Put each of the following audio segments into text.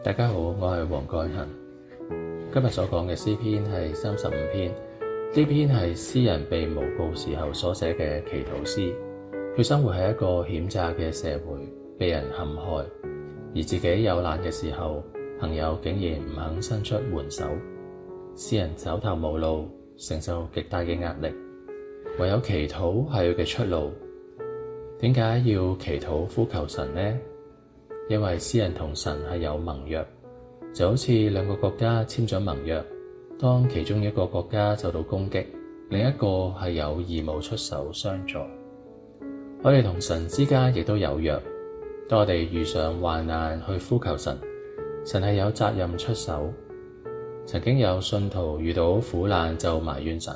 大家好，我係黃濠光。今日所講嘅詩篇係三十五篇，呢篇係詩人被誣告時候所寫嘅祈禱詩。佢生活喺一個險詐嘅社會，被人陷害，而自己有難嘅時候，朋友竟然唔肯伸出援手。詩人走投無路，承受極大嘅壓力，唯有祈禱係佢嘅出路。點解要祈禱呼求神呢？因為詩人同神係有盟約，就好似兩個國家簽咗盟約，當其中一個國家受到攻擊，另一個係有義務出手相助。我哋同神之間亦都有約，當我哋遇上患難去呼求神，神係有責任出手。曾經有信徒遇到苦難就埋怨神，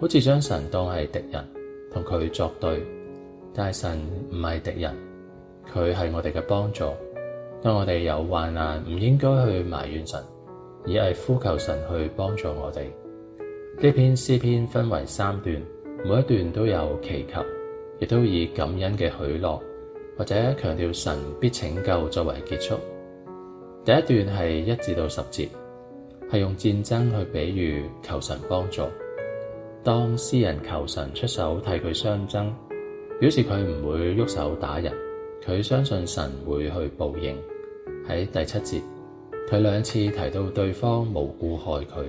好似將神當係敵人，同佢作對，但係神唔係敵人。佢係我哋嘅幫助。當我哋有患難、啊，唔應該去埋怨神，而係呼求神去幫助我哋。呢篇詩篇分為三段，每一段都有祈求，亦都以感恩嘅許諾或者強調神必拯救作為結束。第一段係一至到十節，係用戰爭去比喻求神幫助。當詩人求神出手替佢相爭，him, 表示佢唔會喐手打人。佢相信神會去報應。喺第七節，佢兩次提到對方無故害佢。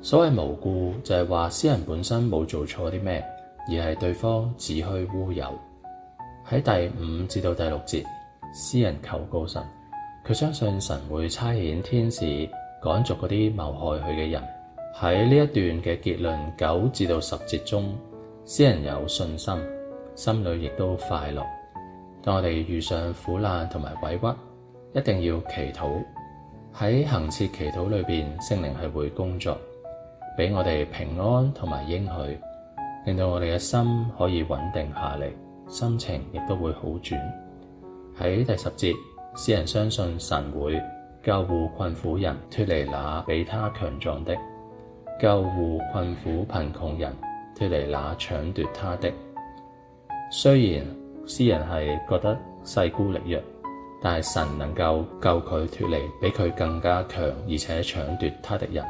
所謂無故就係話詩人本身冇做錯啲咩，而係對方子虛烏有。喺第五至到第六節，詩人求告神，佢相信神會差遣天使趕逐嗰啲謀害佢嘅人。喺呢一段嘅結論九至到十節中，詩人有信心，心裏亦都快樂。當我哋遇上苦難同埋委屈，一定要祈禱。喺恆切祈禱裏面，聖靈係會工作，俾我哋平安同埋應許，令到我哋嘅心可以穩定下嚟，心情亦都會好轉。喺第十節，詩人相信神會救護困苦人，脫離那比他強壯的；救護困苦貧窮人，脫離那搶奪他的。雖然。詩人係覺得勢孤力弱，但係神能夠救佢脫離，比佢更加強，而且搶奪他的人。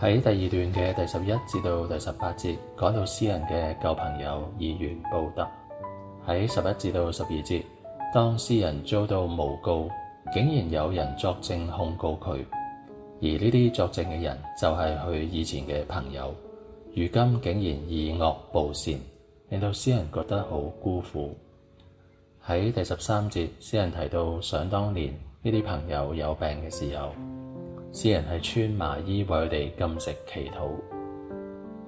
喺第二段嘅第十一至到第十八節，講到詩人嘅舊朋友以怨報德。喺十一至到十二節，當詩人遭到誣告，竟然有人作證控告佢，而呢啲作證嘅人就係佢以前嘅朋友，如今竟然以惡報善，令到詩人覺得好辜負。喺第十三節，詩人提到想當年呢啲朋友有病嘅時候，詩人係穿麻衣為佢哋禁食祈禱。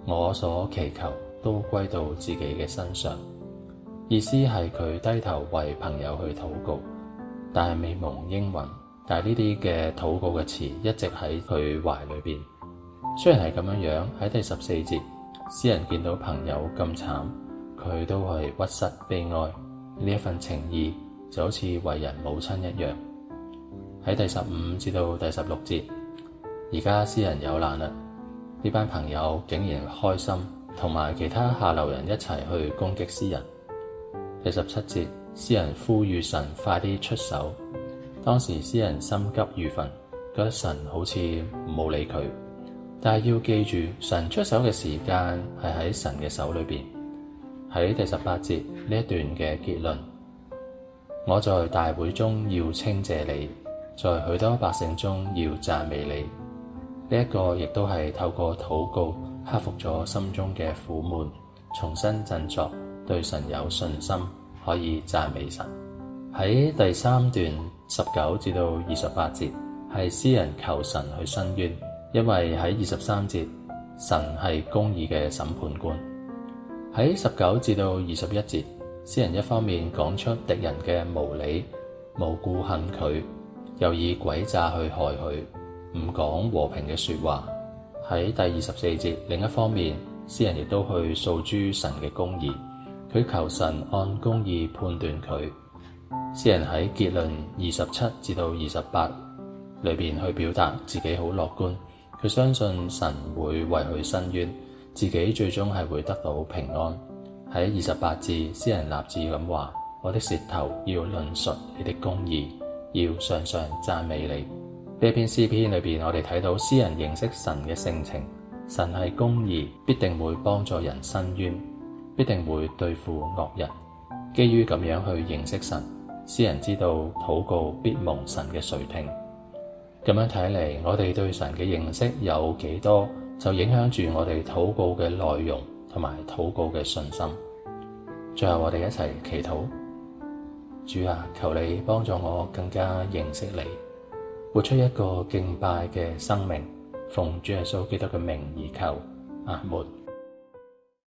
我所祈求都歸到自己嘅身上，意思係佢低頭為朋友去禱告，但係未蒙應允。但係呢啲嘅禱告嘅詞一直喺佢懷裏邊。雖然係咁樣樣，喺第十四節，詩人見到朋友咁慘，佢都係屈膝悲哀。呢一份情意就好似為人母親一樣。喺第十五至到第十六節，而家詩人有難啦，呢班朋友竟然開心，同埋其他下流人一齊去攻擊詩人。第十七節，詩人呼籲神快啲出手。當時詩人心急如焚，覺得神好似冇理佢。但係要記住，神出手嘅時間係喺神嘅手裏邊。喺第十八節呢一段嘅結論，我在大會中要稱謝你，在許多百姓中要讚美你。呢、這、一個亦都係透過禱告克服咗心中嘅苦悶，重新振作，對神有信心，可以讚美神。喺第三段十九至到二十八節，係詩人求神去伸冤，因為喺二十三節，神係公義嘅審判官。喺十九至到二十一節，詩人一方面講出敵人嘅無理、無故恨佢，又以詭詐去害佢，唔講和平嘅說話。喺第二十四節，另一方面，詩人亦都去訴諸神嘅公義，佢求神按公義判斷佢。詩人喺結論二十七至到二十八裏邊去表達自己好樂觀，佢相信神會為佢伸冤。自己最終係會得到平安。喺二十八字，詩人立志咁話：我的舌頭要論述你的公義，要常常讚美你。呢篇詩篇裏邊，我哋睇到詩人認識神嘅性情，神係公義，必定會幫助人伸冤，必定會對付惡人。基於咁樣去認識神，詩人知道禱告必蒙神嘅垂聽。咁樣睇嚟，我哋對神嘅認識有幾多？，就影響住我哋禱告嘅內容同埋禱告嘅信心。最後我哋一齊祈禱，主啊，求你幫助我更加認識你，活出一個敬拜嘅生命，奉主耶穌基督嘅名而求。阿門。